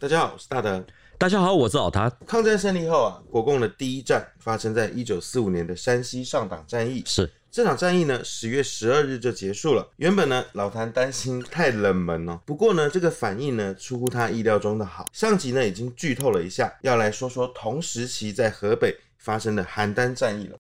大家好，我是大德。大家好，我是老譚。抗戰勝利後啊，國共的第一戰發生在一九四五年的山西上黨戰役。是，這場戰役呢，十月十二日就結束了。原本呢，老譚擔心太冷門了哦。不過呢，這個反應呢，出乎他意料中的好。上集呢，已經劇透了一下，要來說說同時期在河北發生的邯鄲戰役了。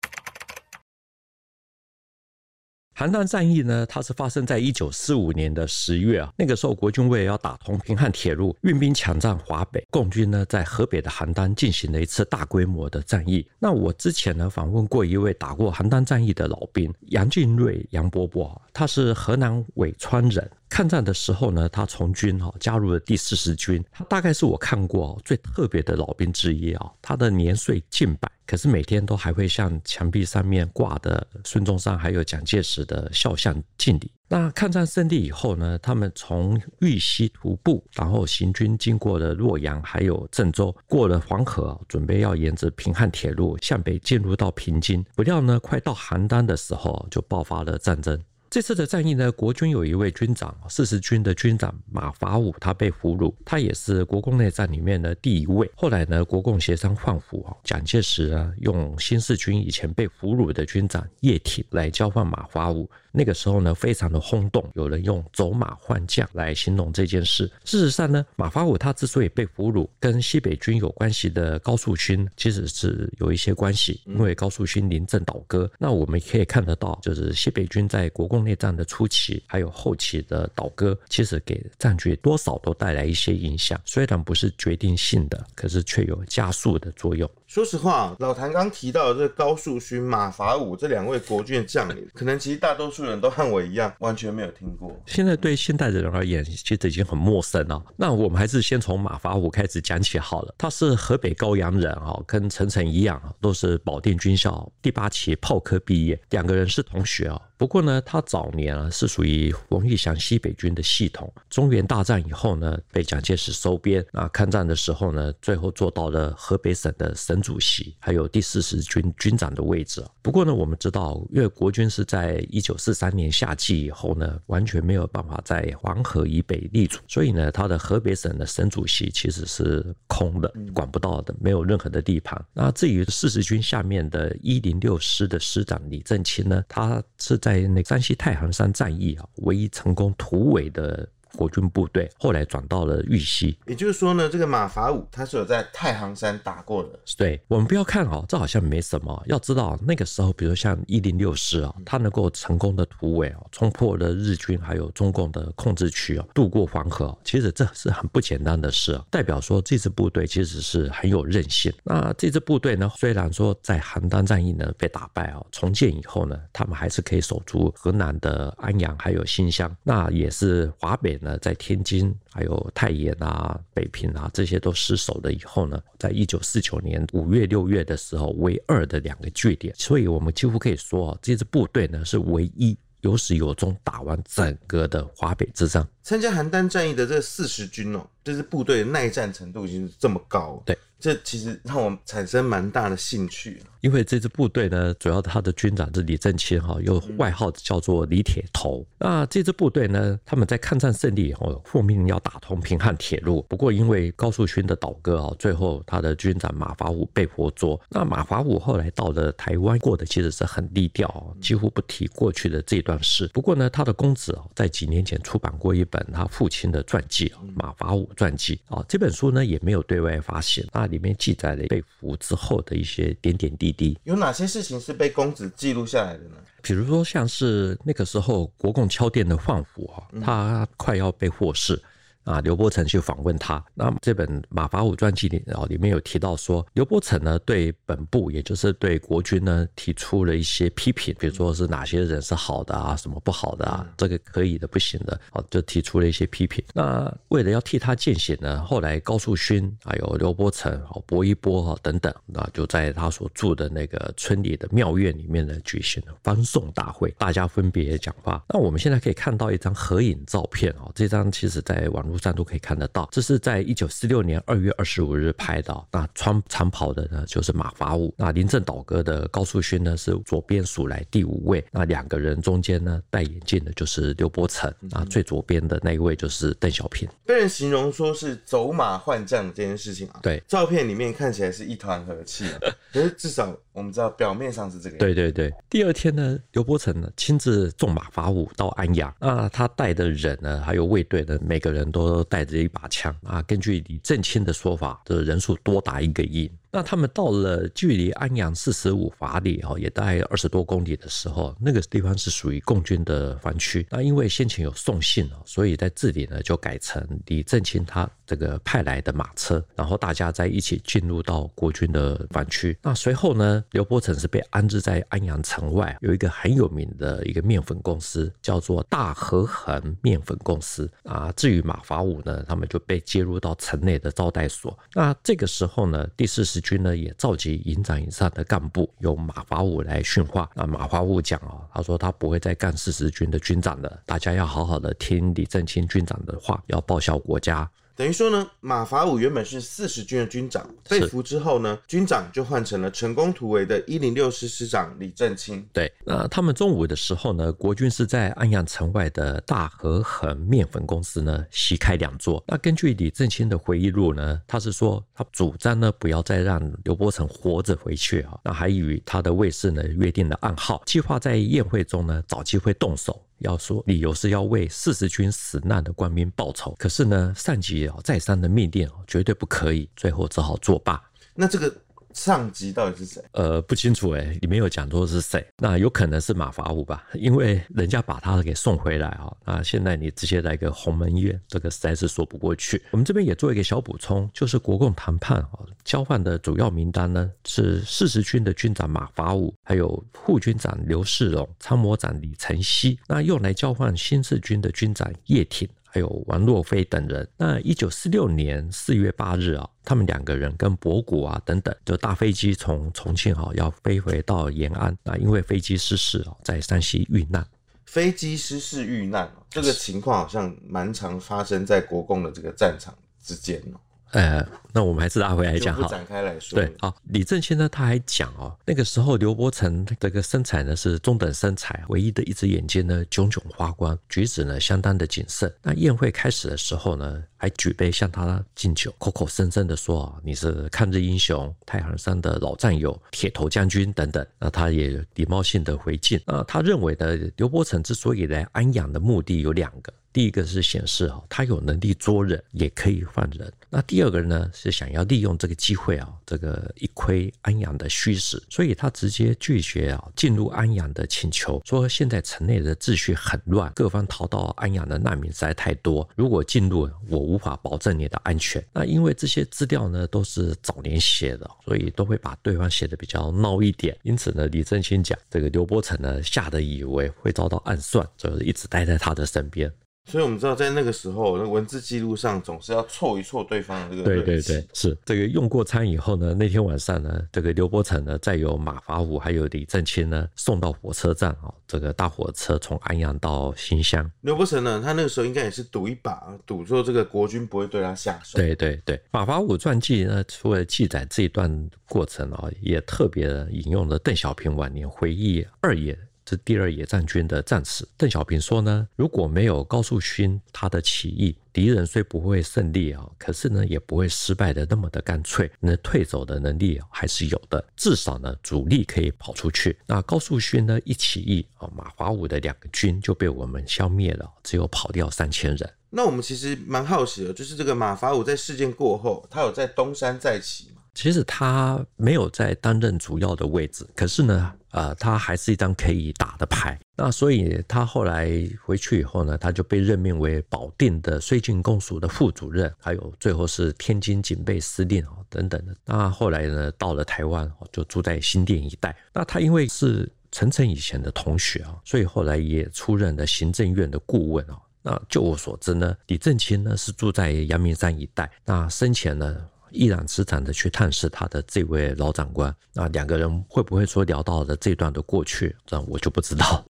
邯鄲戰役呢，它是發生在一九四五年的十月啊。那個時候，國軍為了要打通平漢鐵路，運兵搶占華北，共軍呢在河北的邯鄲進行了一次大規模的戰役。那我之前呢訪問過一位打過邯鄲戰役的老兵楊靖瑞楊伯伯，他是河南洧川人。抗戰的時候呢，他從軍哈、哦，加入了第四十軍。他大概是我看過最特別的老兵之一啊、哦，他的年歲近百。可是每天都還會向牆壁上面掛的孫中山還有蔣介石的肖像敬禮。那抗戰勝利以後呢，他們從豫西徒步，然後行軍經過了洛陽，還有鄭州，過了黃河，準備要沿着平漢鐵路向北進入到平津。不料呢，快到邯鄲的時候就爆發了戰爭。這次的戰役呢，國軍有一位軍長，四十軍的軍長馬法五，他被俘虜，他也是國共內戰裡面的第一位。後來呢，國共協商換俘，蔣介石啊用新四軍以前被俘虜的軍長葉挺來交換馬法五。那個時候呢，非常的轟動，有人用“走馬換將”來形容這件事。事實上呢，馬法五他之所以被俘虜，跟西北軍有關係的高樹勛其實是有一些關係。因為高樹勳臨陣倒戈，那我們可以看得到，就是西北軍在國共內戰的初期還有後期的倒戈，其實給戰局多少都帶來一些影響，雖然不是決定性的，可是卻有加速的作用。說實話，老譚剛提到的這高樹勳、馬法五這兩位國軍的將領，可能其實大多數人都和我一樣完全沒有聽過。現在對現代的人而言，其實已經很陌生了。那我們還是先從馬法五開始講起好了。他是河北高陽人啊，跟陳誠一樣，都是保定軍校第八期炮科畢業，兩個人是同學啊。不過呢，他早年啊是屬於馮玉祥西北軍的系統，中原大戰以後呢，被蔣介石收編。啊，抗戰的時候呢，最後做到了河北省的省主席，還有第四十軍軍長的位置。不過呢，我們知道，因為國軍是在一九四三年夏季以後呢，完全沒有辦法在黃河以北立足，所以呢，他的河北省的省主席其實是空的，管不到的，沒有任何的地盤。那至於四十軍下面的一零六師的師長李振清呢，他是。在那個山西太行山戰役啊，唯一成功突圍的。國軍部隊後來轉到了豫西，也就是說呢，這個馬法五他是有在太行山打過的。對，我們不要看哦，這好像沒什麼。要知道那個時候，比如像一零六師啊，他能夠成功的突圍哦，衝破了日軍還有中共的控制區哦，渡過黃河，其實這是很不簡單的事啊，哦，代表說這支部隊其實是很有韌性。那這支部隊呢，雖然說在邯鄲戰役呢被打敗啊，哦，重建以後呢，他們還是可以守住河南的安陽還有新鄉，那也是華北的。呃，在天津、還有太原啊、北平啊，這些都失守了以後呢，在一九四九年五月、六月的時候，唯二的兩個據點，所以我們幾乎可以說，哦，這支部隊呢是唯一有始有終打完整個的華北之戰。參加邯鄲戰役的這四十軍哦，這支部隊的耐戰程度已經是這麼高，對，這其實讓我產生蠻大的興趣。因為這支部隊呢，主要他的軍長是李振清哈，又外號叫做李鐵頭。那這支部隊呢，他們在抗戰勝利以後，奉命要打通平漢鐵路。不過因為高樹勳的倒戈啊，最後他的軍長馬法五被活捉。那馬法五後來到了台灣，過得其實是很低調，幾乎不提過去的這段事。不過呢，他的公子啊，在幾年前出版過一本他父親的傳記《馬法五傳記》啊、哦，這本書呢也沒有對外發行。那裡面記載了被俘之後的一些點點滴滴。有哪些事情是被公子記錄下來的呢？比如說，像是那個時候國共敲電的換俘，啊，他快要被獲釋，嗯。啊，劉伯承去訪問他。那這本馬法五傳記裡哦，裡面有提到說，劉伯承呢對本部，也就是對國軍呢，提出了一些批評，比如說是哪些人是好的啊，什麼不好的啊，這個可以的，不行的啊，就提出了一些批評。那為了要替他餞行呢，後來高樹勳還有劉伯承哦，薄一波哈等等，那就在他所住的那個村裡的廟院裡面呢，舉行了歡送大會，大家分別講話。那我們現在可以看到一張合影照片哦，這張其實在網絡。上都可以看得到，這是在一九四六年二月二十五日拍的。那穿長袍的呢，就是馬法五。那臨陣倒戈的高樹勳呢，是左邊數來第五位。那兩個人中間呢，戴眼鏡的，就是劉伯承。啊，最左邊的那一位就是鄧小平。被、嗯、哼人形容說是走馬換將這件事情啊，對，照片裡面看起來是一團和氣，啊， 可是至少我們知道表面上是這個樣。對對對，第二天呢，劉伯承呢親自送馬法五到安陽。那他帶的人呢，還有衛隊的每個人都。都帶着一把槍啊！根據李振清的說法，這人數多達一個億。那他們到了距離安陽四十五華里哦，也大概二十多公里的時候，那個地方是屬於共軍的防區。那因為先前有送信哦，所以在這裡呢就改成李振清他這個派來的馬車，然後大家在一起進入到國軍的防區。那隨後呢，劉伯承是被安置在安陽城外有一個很有名的一個麵粉公司，叫做大和恆麵粉公司啊。至於馬法五呢，他們就被接入到城內的招待所。那這個時候呢，第四十。軍呢也召集營長以上的幹部，由馬法五來訓話。那馬法五講哦，他說他不會再幹四十軍的軍長了，大家要好好的聽李振清軍長的話，要報效國家。等於說呢，馬法五原本是四十軍的軍長，是被俘之後呢，軍長就換成了成功突圍的一零六師師長李振清。對，那他們中午的時候呢，國軍是在安陽城外的大和恆麵粉公司呢席開兩桌。那根據李振清的回憶錄呢，他是說他主張呢不要再讓劉伯承活着回去啊，那還與他的衛士呢約定了暗號，計劃在宴會中呢找機會動手。要說理由是要為四十軍死難的官兵報仇。可是呢，上級啊再三的命令，哦，絕對不可以，最後只好作罷。那這個。上級到底是誰？呃，不清楚哎、欸，裡面有講說是誰。那有可能是馬法五吧，因為人家把他給送回來啊、喔。那現在你直接來個鴻門宴，這個實在是說不過去。我們這邊也做一個小補充，就是國共談判啊、喔，交換的主要名單呢是四十軍的軍長馬法五，還有副軍長劉世榮、參謀長李承熙。那用來交換新四軍的軍長葉挺，還有王若飛等人。那一九四六年四月八日啊、哦，他們兩個人跟博古啊等等，就大飛機從重慶哈、哦，要飛回到延安啊，因為飛機失事哦，在山西遇難。飛機失事遇難哦，這個情況好像蠻常發生在國共的這個戰場之間哦。呃，那我們還是拿回來講哈，展開來說。對，好，李振清呢，他還講哦，那個時候劉伯承這個身材呢是中等身材，唯一的一隻眼睛呢炯炯發光，舉止呢相當的謹慎。那宴會開始的時候呢，還舉杯向他敬酒，口口聲聲的說啊、哦，你是抗日英雄，太行山的老戰友，鐵頭將軍等等。那他也禮貌性的回敬。那他認為的劉伯承之所以來安陽的目的有兩個。第一個是顯示啊，他有能力捉人，也可以放人。那第二個呢，是想要利用這個機會啊，這個一窺安陽的虛實，所以他直接拒絕啊進入安陽的請求，說現在城內的秩序很亂，各方逃到安陽的難民實在太多，如果進入，我無法保證你的安全。那因為這些資料呢都是早年寫的，所以都會把對方寫的比較孬一點。因此呢，李振清講，這個劉伯承呢嚇得以為會遭到暗算，所以一直待在他的身邊。所以我們知道，在那個時候，文字記錄上總是要湊一湊對方的這個對對，對，對是這個用過餐以後呢，那天晚上呢，這個劉伯承呢，再由馬法五還有李振清呢，送到火車站啊。這個大火車從安陽到新鄉。劉伯承呢，他那個時候應該也是賭一把，賭說這個國軍不會對他下手。對對對，馬法五傳記呢，除了記載這一段過程啊、哦，也特別引用了鄧小平晚年回憶二頁。是第二野戰軍的戰士。鄧小平說呢：“如果沒有高樹勳他的起義，敵人雖不會勝利啊，可是呢也不會失敗的那麼的乾脆，那退走的能力還是有的。至少呢主力可以跑出去。那高樹勳呢一起義啊，馬法五的兩個軍就被我們消滅了，只有跑掉三千人。那我們其實蠻好奇的，就是這個馬法五在事件過後，他有在東山再起嗎？其實他沒有在擔任主要的位置，可是呢。”呃，他還是一張可以打的牌，那所以他後來回去以後呢，他就被任命為保定的綏靖公署的副主任，還有最後是天津警備司令啊、哦、等等的。那後來呢，到了台灣、哦、就住在新店一帶。那他因為是陳誠以前的同學啊、哦，所以後來也出任了行政院的顧問啊、哦。那就我所知呢，李振清呢是住在陽明山一帶。那生前呢？毅然隻身的去探視他的這位老長官，那兩個人會不會說聊到了這段的過去，這樣我就不知道。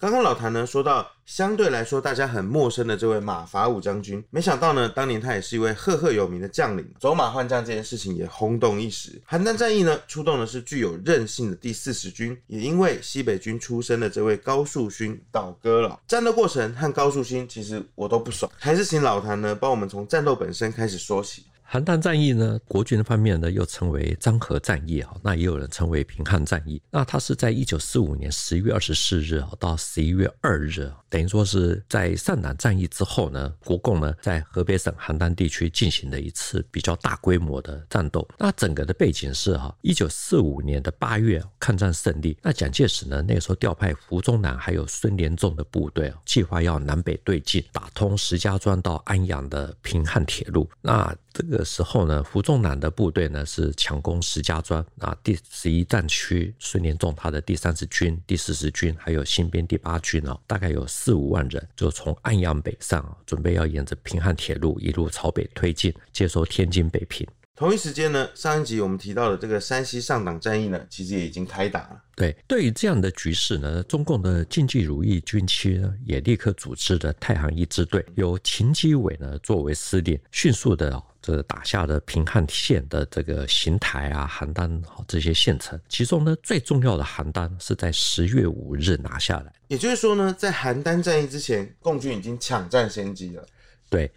剛剛老譚呢說到，相對來說大家很陌生的這位馬法五將軍，沒想到呢，當年他也是一位赫赫有名的將領，走馬換將這件事情也轟動一時。邯鄲戰役呢，出動的是具有韌性的第四十軍，也因為西北軍出身的這位高樹勳倒戈了。戰鬥過程和高樹勳其實我都不爽，還是請老譚呢幫我們從戰鬥本身開始說起。邯鄲戰役呢，國軍的方面呢，又稱為漳河戰役啊，那也有人稱為平漢戰役。那它是在一九四五年十一月二十四日啊，到十一月二日，等於說是在上黨戰役之後呢，國共呢在河北省邯鄲地區進行的一次比較大規模的戰鬥。那整個的背景是哈，一九四五年的八月抗戰勝利，那蔣介石呢那個時候調派胡宗南還有孫連仲的部隊，計劃要南北對進，打通石家莊到安陽的平漢鐵路。那這個。的時候呢，胡宗南的部隊呢是強攻石家莊啊，第十一戰區孫連仲他的第三十軍、第四十軍，還有新編第八軍呢，哦，大概有四五萬人，就從安陽北上，啊，準備要沿着平漢鐵路一路朝北推進，接收天津、北平。同一時間呢，上一集我們提到的這個山西上黨戰役呢，其實也已經開打了。對，對於這樣的局勢呢，中共的晉冀魯豫軍區呢也立刻組織了太行一支隊，嗯、由秦基偉呢作為司令，迅速的、哦、這個、打下了平漢線的這個邢台啊、邯鄲好這些縣城。其中呢，最重要的邯鄲是在十月五日拿下來。也就是說呢，在邯鄲戰役之前，共軍已經搶占先機了。對。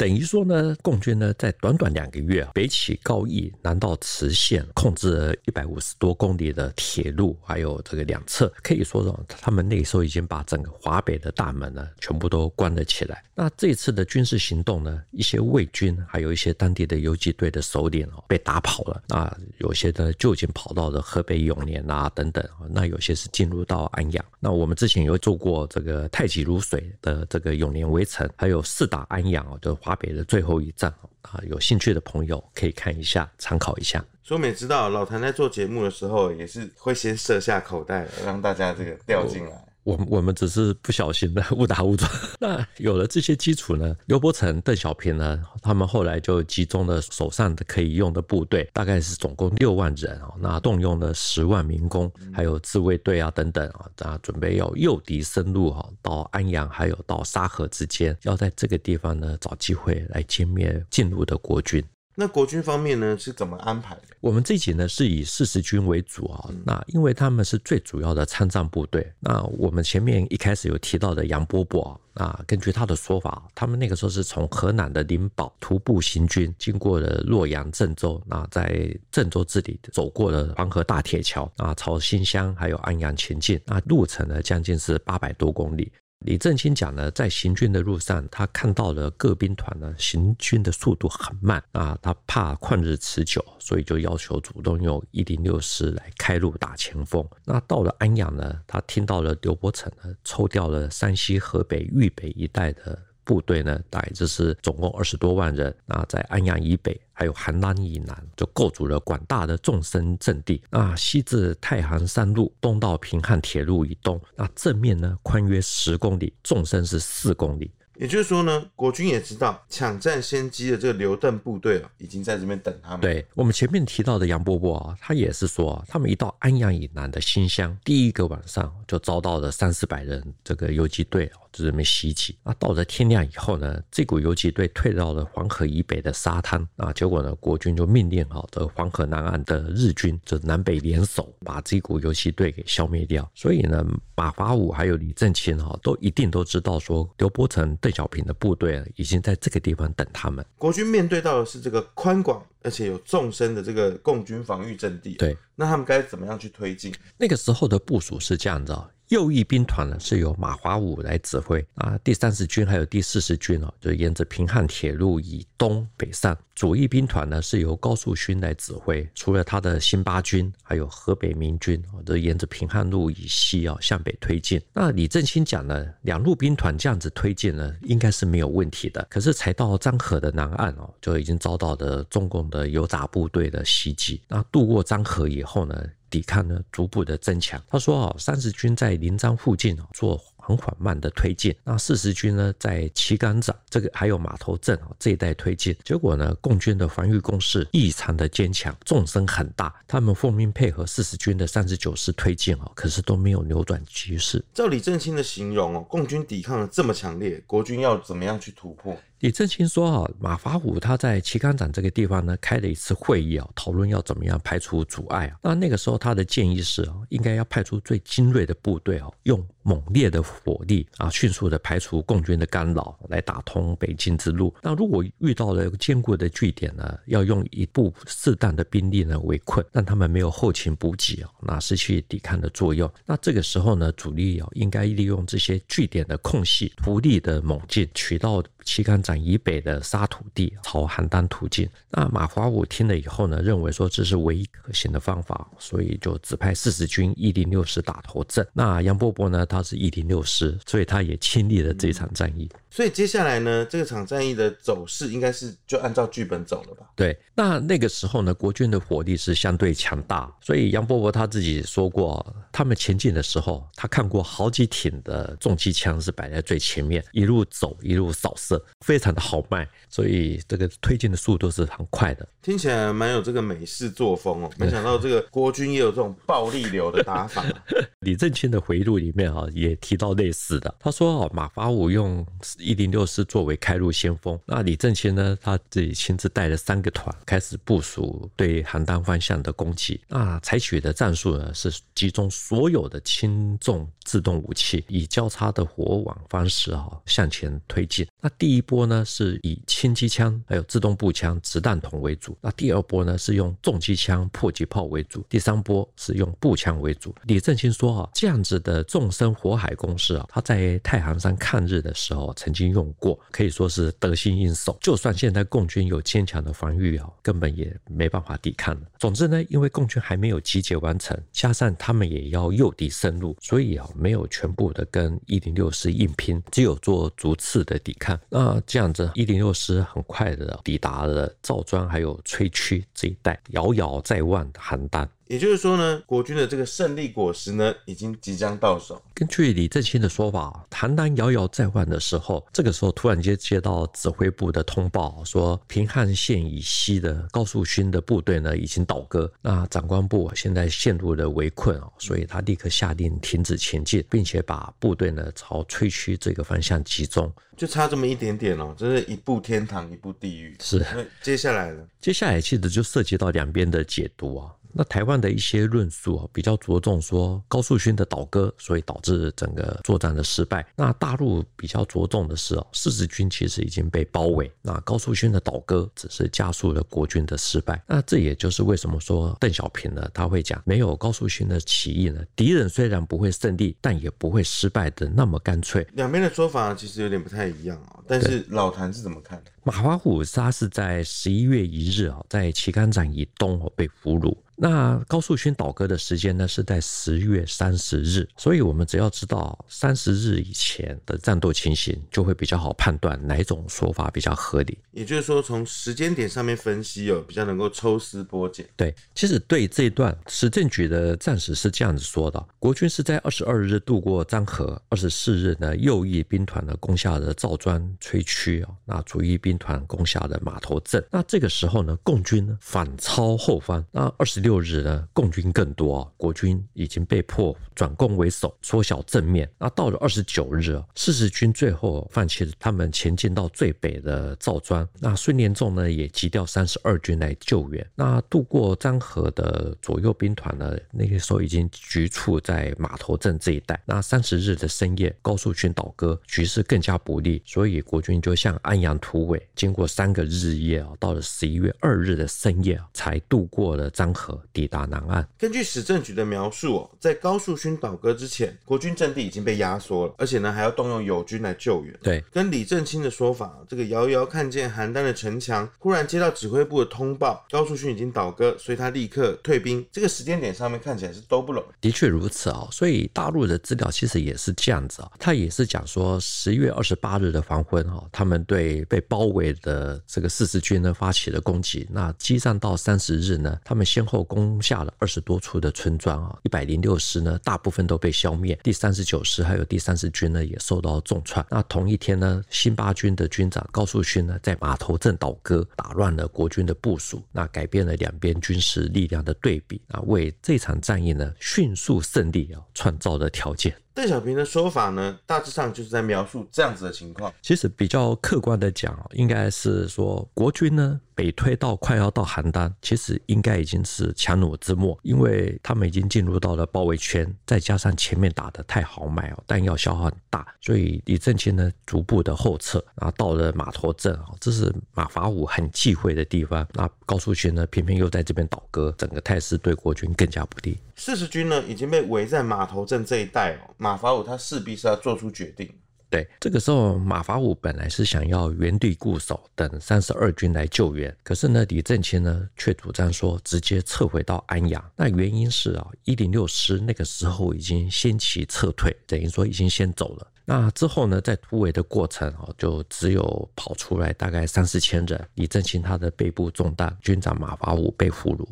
等於說呢，共軍呢在短短兩個月，北起高邑，南到磁縣，控制了一百五十多公里的鐵路，還有這個兩側，可以說呢、哦，他們那時候已經把整個華北的大門呢全部都關了起來。那這次的軍事行動呢，一些偽軍，還有一些當地的游擊隊的首領哦被打跑了，那有些的就已經跑到了河北永年啊等等，那有些是進入到安陽。那我們之前有做過這個太極如水的這個永年圍城，還有四打安陽的、哦。就是差別的最後一站啊，有興趣的朋友可以看一下，參考一下。所以我們也知道，老譚在做節目的時候，也是會先設下口袋，讓大家這個掉進來。我們我們只是不小心的誤打誤撞。那有了這些基礎呢，劉伯承、鄧小平呢，他們後來就集中了手上的可以用的部隊，大概是總共六萬人啊。那動用了十萬民工，還有自衛隊啊等等啊，那準備要誘敵深入啊，到安陽還有到沙河之間，要在這個地方呢找機會來殲滅進入的國軍。那國軍方面呢是怎麼安排的？我們這集呢是以四十軍為主啊，哦，嗯、那因為他們是最主要的參戰部隊。那我們前面一開始有提到的楊伯伯啊，那根據他的說法，他們那個時候是從河南的靈寶徒步行軍，經過了洛陽、鄭州，那在鄭州這裡走過了黃河大鐵橋啊，那朝新鄉還有安陽前進，那路程呢將近是八百多公里。李振清講呢，在行軍的路上，他看到了各兵團呢，行軍的速度很慢啊，他怕曠日持久，所以就要求主動用一零六師來開路打前鋒。那到了安陽呢，他聽到了劉伯承呢，抽調了山西、河北、豫北一帶的。部隊呢，大概就是總共二十多萬人啊，那在安陽以北，還有邯鄲以南，就構築了廣大的縱深陣地。那西至太行山路，東到平漢鐵路以東，那正面呢，寬約十公里，縱深是四公里。也就是說呢，國軍也知道搶占先機的這個劉鄧部隊啊、哦，已經在這邊等他們。對，我們前面提到的楊伯伯啊、哦，他也是說、哦，他們一到安陽以南的新鄉，第一個晚上就遭到了三四百人這個游擊隊。就這麼襲，那到了天亮以後呢，這股游擊隊退到了黃河以北的沙灘。啊，結果呢，國軍就命令好的、哦這個、黃河南岸的日軍就南北聯手，把這股游擊隊給消滅掉。所以呢，馬法五還有李振清哈、哦，都一定都知道說，劉伯承鄧小平的部隊已經在這個地方等他們。國軍面對到的是這個寬廣而且有縱深的這個共軍防禦陣地。對，那他們該怎麼樣去推進？那個時候的部署是這樣的、哦。右翼兵團呢是由馬華武來指揮啊，第三十軍還有第四十軍、哦、就沿着平漢鐵路以東北上。左翼兵團呢是由高樹勳來指揮，除了他的新八軍，還有河北民軍就都沿着平漢路以西、哦、向北推進。那李振清講了，兩路兵團這樣子推進呢，應該是沒有問題的。可是才到漳河的南岸哦，就已經遭到了中共的游擊部隊的襲擊。那渡過漳河以後呢？抵抗呢，逐步的增強。他說啊、哦，三十軍在臨漳附近、哦、做很緩慢的推進，那四十軍呢在旗杆長，這個還有碼頭鎮、哦、這一帶推進。結果呢，共軍的防禦工事異常的堅強，縱深很大。他們奉命配合四十軍的三十九師推進哦，可是都沒有扭轉局勢。照李振清的形容哦，共軍抵抗的這麼強烈，國軍要怎麼樣去突破？李振清說：“啊，馬法五他在旗甘展這個地方呢，開了一次會議啊，討論要怎麼樣排除阻礙啊。那那個時候他的建議是啊，應該要派出最精銳的部隊啊，用猛烈的火力啊，迅速的排除共軍的干擾，來打通北進之路。那如果遇到了堅固的據點呢，要用一部適當的兵力呢圍困，讓他們沒有後勤補給啊，那失去抵抗的作用。那這個時候呢，主力啊應該利用這些據點的空隙，獨立的猛進，取道。”旗杆掌以北的沙土地，朝邯鄲途徑。那馬華武聽了以後呢，認為說這是唯一可行的方法，所以就指派四十軍一零六師打頭陣。那楊伯伯呢，他是一零六師，所以他也親歷了這場戰役。嗯所以接下來呢，這個、場戰役的走勢應該是就按照劇本走了吧？對，那那個時候呢，國軍的火力是相對強大，所以楊伯伯他自己說過，他們前進的時候，他看過好幾挺的重機槍是擺在最前面，一路走一路掃射，非常的豪邁，所以這個推進的速度是很快的。聽起來蠻有這個美式作風哦，沒想到這個國軍也有這種暴力流的打法、啊。 李振清的回憶錄裡面啊、哦，也提到類似的，他說哦，馬法五用。一零六師作為開路先鋒，那李振清呢，他自己親自帶了三個團，開始部署對邯鄲方向的攻擊。那採取的戰術呢，是集中所有的輕重自動武器，以交叉的火網方式啊、哦、向前推進。那第一波呢，是以輕機槍、還有自動步槍、擲彈筒為主；那第二波呢，是用重機槍、迫擊炮為主；第三波是用步槍為主。李振清說啊、哦，這樣子的縱深火海攻勢啊、哦，他在太行山抗日的時候曾。曾經用過，可以說是得心應手。就算現在共軍有堅強的防禦啊，根本也沒辦法抵抗。總之呢，因為共軍還沒有集結完成，加上他們也要誘敵深入，所以啊，沒有全部的跟一零六師硬拼，只有做逐次的抵抗。那這樣子，一零六師很快的抵達了趙莊，還有崔區這一帶，遙遙在望的邯鄲。也就是說呢，國軍的這個勝利果實呢，已經即將到手。根據李振清的說法，邯鄲遙遙在望的時候，這個時候突然間接到指揮部的通報，說平漢線以西的高樹勳的部隊呢已經倒戈，那長官部現在陷入了圍困哦，所以他立刻下令停止前進，並且把部隊呢朝崔區這個方向集中，就差這麼一點點哦，這、就是一步天堂，一步地獄。是，接下來呢？接下來其實就涉及到兩邊的解讀啊、哦。那台灣的一些論述、哦、比較着重說高樹勳的倒戈，所以導致整個作戰的失敗。那大陸比較着重的是哦，四十軍其實已經被包圍，那高樹勳的倒戈只是加速了國軍的失敗。那這也就是為什麼說鄧小平呢，他會講沒有高樹勳的起義呢，敵人雖然不會勝利，但也不會失敗的那麼乾脆。兩邊的說法其實有點不太一樣哦，但是老譚是怎麼看的？馬法五他是在十一月一日啊、哦，在旗桿漳以東哦被俘虜。那高樹勛倒戈的時間呢，是在十月三十日，所以我們只要知道三十日以前的戰鬥情形，就會比較好判斷哪種說法比較合理。也就是說，從時間點上面分析哦，比較能夠抽絲剝繭。對，其實對這一段史政局的戰史是這樣子說的：國軍是在二十二日渡過漳河，二十四日呢，右翼兵團呢攻下了趙莊、崔曲哦，那左翼兵團攻下了馬頭鎮。那這個時候呢，共軍呢反超後方，那二十六。六日呢，共軍更多，哦，國軍已經被迫轉攻為守，縮小正面。那到了二十九日，哦，四十軍最後放棄了他們前進到最北的趙莊。那孫連仲呢，也急調三十二軍來救援。那渡過漳河的左右兵團呢，那個時候已經局促在碼頭鎮這一帶。那三十日的深夜，高樹勳倒戈，局勢更加不利，所以國軍就向安陽突圍。經過三個日夜啊，哦，到了十一月二日的深夜，哦，才渡過了漳河。抵達南岸。根據史政局的描述、哦，在高樹勳倒戈之前，國軍陣地已經被壓縮了，而且呢還要動用友軍來救援。對，跟李振清的說法，這個遙遙看見邯鄲的城牆，忽然接到指揮部的通報，高樹勳已經倒戈，所以他立刻退兵。這個時間點上面看起來是兜不攏，的確如此啊、哦。所以大陸的資料其實也是這樣子啊、哦，他也是講說十月二十八日的黃昏哈、哦，他們對被包圍的這個四十軍呢發起了攻擊，那激戰到三十日呢，他們先後攻。攻下了二十多處的村莊啊，一百零六師呢，大部分都被消滅，第三十九師還有第三十軍呢，也受到重創。那同一天呢，新八軍的軍長高樹勳呢，在馬頭鎮倒戈，打亂了國軍的部署，那改變了兩邊軍事力量的對比，那為這場戰役呢，迅速勝利啊，創造了條件。鄧小平的說法呢，大緻上就是在描述這樣子的情況。其實比較客觀的講，應該是說國軍呢被推到快要到邯鄲，其實應該已經是強弩之末，因為他們已經進入到了包圍圈，再加上前面打得太豪邁哦，彈藥消耗很大，所以李振清呢逐步的後撤，啊到了碼頭鎮啊，這是馬法五很忌諱的地方。那高樹勳呢偏偏又在這邊倒戈，整個態勢對國軍更加不利。四十軍呢已經被圍在碼頭鎮這一帶哦。馬法五他勢必是要做出決定。對，這個時候馬法五本來是想要原地固守，等三十二軍來救援。可是呢，李振清呢卻主張說直接撤回到安陽。那原因是啊，一零六師那個時候已經先期撤退，等於說已經先走了。那之後呢，在突圍的過程啊，就只有跑出來大概三四千人。李振清他的背部中彈，軍長馬法五被俘虜。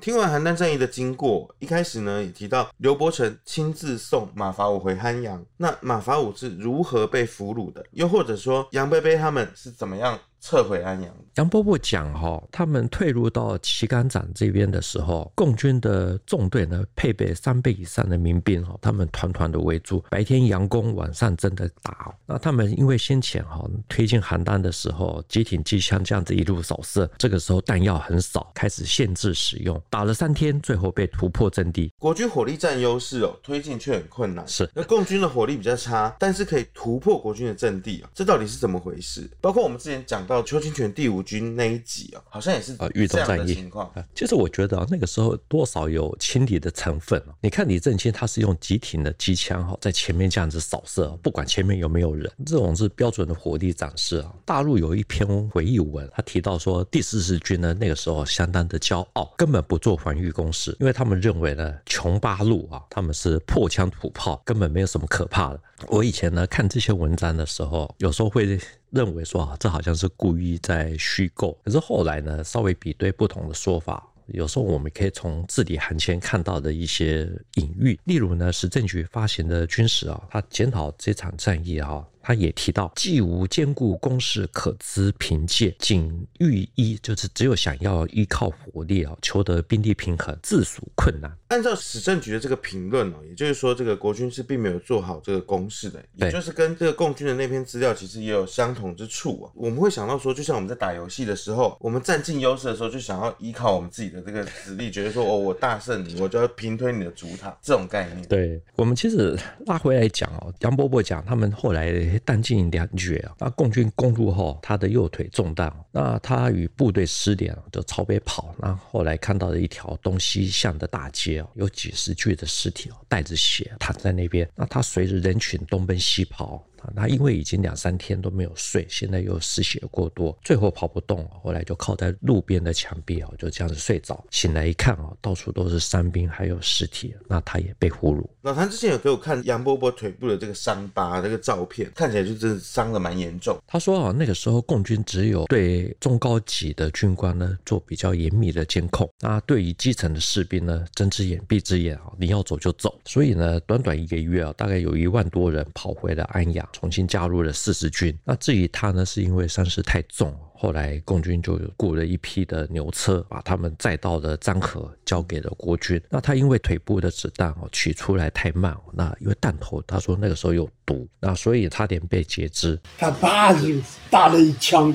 聽完邯鄲戰役的經過，一開始呢也提到劉伯承親自送馬法武回漢陽，那馬法武是如何被俘虜的？又或者說楊貝貝他們是怎麼樣？撤回安陽，楊伯伯講哈、哦，他們退入到旗杆展這邊的時候，共軍的縱隊呢，配備三倍以上的民兵哈、哦，他們團團的圍住。白天佯攻，晚上真的打、哦。那他們因為先前哈、哦、推進邯鄲的時候，幾挺機槍這樣子一路掃射，這個時候彈藥很少，開始限制使用。打了三天，最後被突破陣地。國軍火力佔優勢哦，推進卻很困難。是，那共軍的火力比較差，但是可以突破國軍的陣地啊、哦，這到底是怎麼回事？包括我們之前講。到邱清泉第五軍那一集啊、哦，好像也是啊，豫東、呃、戰役、呃。其實我覺得啊，那個時候多少有清理的成分、啊、你看李振清他是用集體的機槍哈，在前面這樣子掃射、啊，不管前面有沒有人，這種是標準的火力展示啊。大陸有一篇回憶文，他提到說第四十軍呢，那個時候相當的驕傲，根本不做防御工事，因為他們認為呢，窮八路啊，他們是破槍土炮，根本沒有什麼可怕的。我以前呢看這些文章的時候，有時候會。認為說啊，這好像是故意在虛構。可是後來呢，稍微比對不同的說法，有時候我們可以從字裡行間看到的一些隱喻。例如呢，史政局發行的軍史啊、哦，他檢討這場戰役啊、哦。他也提到，既無堅固工事可資憑借，僅欲依就是只有想要依靠火力啊，求得兵力平衡，自屬困難。按照史政局的這個評論哦，也就是說，這個國軍是並沒有做好這個工事的，也就是跟這個共軍的那篇資料其實也有相同之處啊。對我們會想到說，就像我們在打遊戲的時候，我們占盡優勢的時候，就想要依靠我們自己的這個實力， 覺得說哦，我大勝你，我就會平推你的主塔這種概念。對，我們其實拉回來講哦，楊 伯伯講他們後來。彈盡糧絕啊！那共軍攻入後，他的右腿中彈，那他與部隊失聯，就朝北跑。那後來看到了一條東西向的大街，有幾十具的屍體啊帶着血躺在那邊。那他隨着人群東奔西跑。他因為已經兩三天都沒有睡，現在又失血過多，最後跑不動了。後來就靠在路邊的牆壁啊，就這樣子睡着。醒來一看啊，到處都是傷兵，還有屍體。那他也被俘虜。老譚之前有給我看楊伯伯腿部的這個傷疤，這個照片看起來就是傷的蠻嚴重。他說啊，那個時候共軍只有對中高級的軍官呢做比較嚴密的監控，那對於基層的士兵呢睜隻眼閉隻眼啊，你要走就走。所以呢，短短一個月啊，大概有一萬多人跑回了安陽。重新加入了四十軍。那至於他呢，是因為傷勢太重，後來共軍就雇了一批的牛車，把他們載到了漳河，交給了國軍。那他因為腿部的子彈哦取出來太慢，那因為彈頭他說那個時候有毒，那所以差點被截肢。他怕是打了一槍，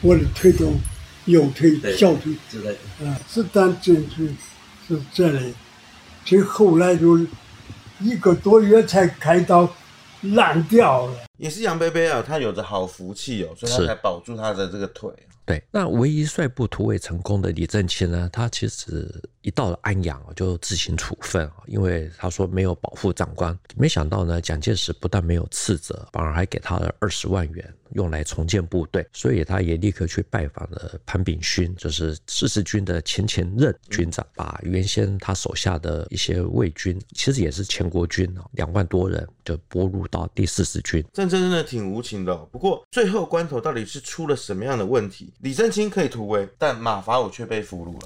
我的腿都右腿、小腿，之類的子彈進去是這裡，最後來就一個多月才開刀。爛掉了，也是楊貝貝啊，他有着好福氣哦，所以他才保住他的這個腿。那唯一率部突圍成功的李正清呢？他其實一到了安陽就自行處分，因為他說沒有保護長官。沒想到呢，蔣介石不但沒有斥責，反而還給他了二十萬元用來重建部隊，所以他也立刻去拜訪了潘炳勳，就是四十軍的前前任軍長，把原先他手下的一些衛軍，其實也是前國軍兩萬多人就撥入到第四十軍。戰爭真的挺無情的、哦，不過最後關頭到底是出了什麼樣的問題？李振清可以突圍，但馬法五卻被俘虜了。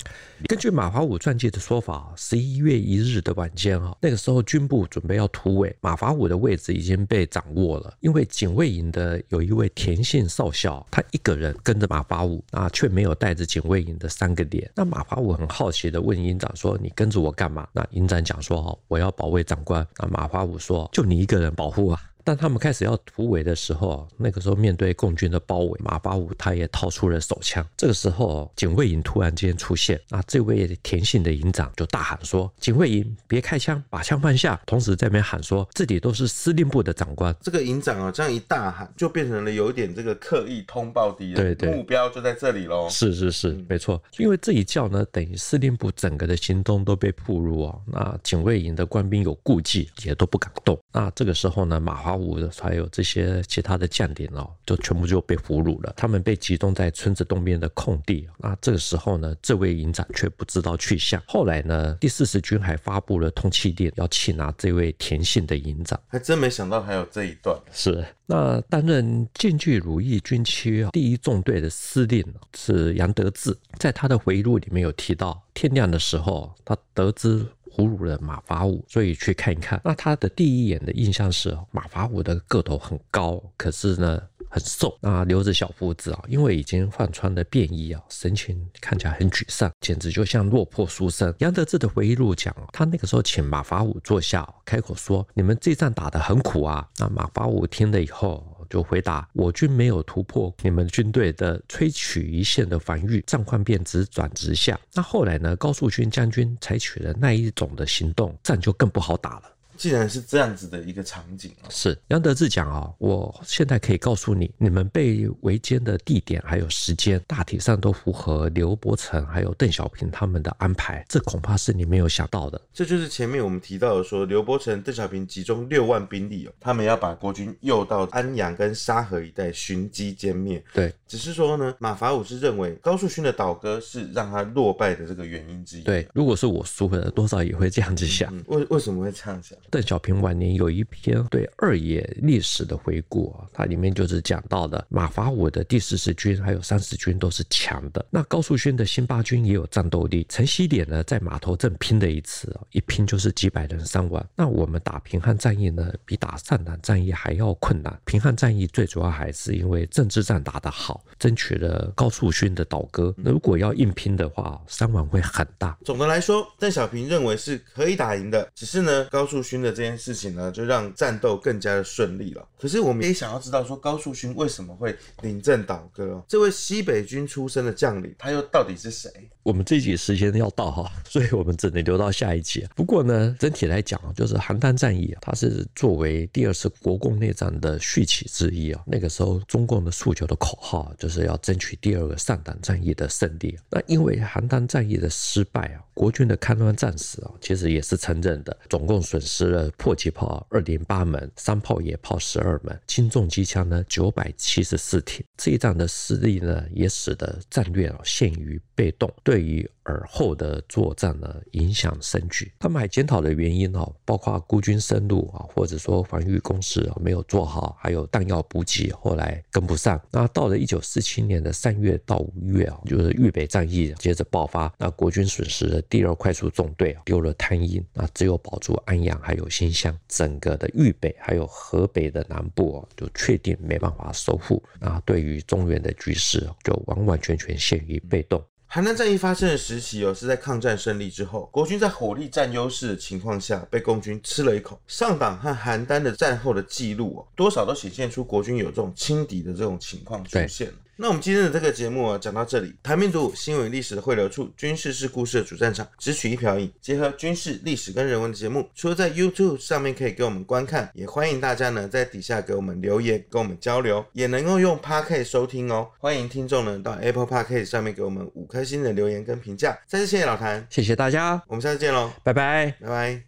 根據馬法五傳記的說法，十一月一日的晚間啊，那個時候軍部準備要突圍，馬法五的位置已經被掌握了。因為警衛營的有一位田姓少校，他一個人跟着馬法五，啊，卻沒有帶着警衛營的三個連。那馬法五很好奇的問營長說：“你跟着我幹嘛？”那營長講說：“哦，我要保衛長官。”那馬法五說：“就你一個人保護啊？”當他們開始要突圍的時候，那個時候面對共軍的包圍，馬八五他也掏出了手槍。這個時候，警衛營突然間出現，那這位田姓的營長就大喊說：“警衛營，別開槍，把槍放下。”同時在那邊喊說：“自己都是司令部的長官。”這個營長啊、哦，這樣一大喊，就變成了有一點這個刻意通報敵人，對，對對，目標就在這裡嘍。是是是，沒錯，嗯、因為這一叫呢，等於司令部整個的行動都被暴露哦。那警衛營的官兵有顧忌，也都不敢動。那這個時候呢，馬華。五的還有這些其他的將領哦，就全部就被俘虜了。他們被集中在村子東邊的空地，那這個時候呢，這位營長卻不知道去向。後來呢，第四十軍還發布了通緝令，要擒拿這位田姓的營長。還真沒想到還有這一段。是那擔任晉冀魯豫軍區、哦、第一縱隊的司令、哦、是楊得志，在他的回憶錄裡面有提到，天亮的時候，他得知。俘虜了馬法五，所以去看一看。那他的第一眼的印象是，馬法五的個頭很高，可是呢很瘦，那留着小鬍子啊，因為已經換穿了便衣啊，神情看起來很沮喪，簡直就像落魄書生。楊得志的回憶錄講，他那個時候請馬法五坐下，開口說：“你們這仗打得很苦啊。”那馬法五聽了以後。就回答，我軍沒有突破你們軍隊的崔曲一線的防御，戰況便直轉直下。那後來呢，高樹勳將軍採取了那一種的行動，戰就更不好打了。既然是這樣子的一個場景，哦是，是楊德志講哦，我現在可以告訴你，你們被圍殲的地點還有時間，大體上都符合劉伯承還有鄧小平他們的安排。這恐怕是你沒有想到的。這就是前面我們提到的說，說劉伯承、鄧小平集中六萬兵力哦，他們要把國軍誘到安陽跟沙河一帶尋機殲滅。對，只是說呢，馬法五是認為高樹勳的倒戈是讓他落敗的這個原因之一啊。對，如果是我輸了，多少也會這樣子想。為、嗯嗯、為什麼會這樣想？鄧小平晚年有一篇對二野歷史的回顧、哦，它裡面就是講到了馬法五的第四十軍還有三十軍都是強的，那高樹勛的新八軍也有戰鬥力。陳錫聯呢在碼頭鎮拼了一次啊、哦，一拼就是幾百人傷亡。那我們打平漢戰役呢，比打上黨戰役還要困難。平漢戰役最主要還是因為政治戰打得好，爭取了高樹勛的倒戈。那如果要硬拼的話，傷亡會很大。總的來說，鄧小平認為是可以打贏的，只是呢高樹勛。的這件事情呢，就讓戰鬥更加的順利了。可是我們也想要知道，說高樹勳為什麼會臨陣倒戈？這位西北軍出身的將領，他又到底是誰？我們這一集時間要到哈，所以我們只能留到下一集。不過呢，整體來講，就是邯鄲戰役，它是作為第二次國共內戰的序曲之一啊。那個時候，中共的訴求的口號就是要爭取第二個上黨戰役的勝利。那因為邯鄲戰役的失敗啊，國軍的戡亂戰史啊，其實也是承認的，總共損失。迫擊炮二點八門，山炮野炮十二門，輕重機槍呢九百七十四挺。這一仗的失利呢，也使得戰略啊陷於被動。對於而後的作戰呢，影響甚巨，他們還檢討的原因哦，包括孤軍深入啊，或者說防御工事啊沒有做好，還有彈藥補給後來跟不上。那到了一九四七年的三月到五月啊，就是豫北戰役接着爆發。那國軍損失的第二快速縱隊，丟了湯陰，那只有保住安陽還有新鄉。整個的豫北還有河北的南部啊，就確定沒辦法收復。那對於中原的局勢，就完完全全陷於被動。邯鄲戰役發生的時期哦，是在抗戰勝利之後，國軍在火力占優勢的情況下，被共軍吃了一口。上黨和邯鄲的戰後的記錄哦，多少都顯現出國軍有這種輕敵的這種情況出現了。那我們今天的這個節目啊，講到這裡，譚兵讀武，新聞與歷史的匯流處，軍事是故事的主戰場，只取一瓢飲，結合軍事歷史跟人文的節目，除了在 YouTube 上面可以給我們觀看，也歡迎大家呢在底下給我們留言，跟我們交流，也能夠用 Podcast 收聽哦。歡迎聽眾呢到 Apple Podcast 上面給我們五顆星的留言跟評價。再次謝謝老譚，謝謝大家，我們下次見嘍，拜拜，拜拜。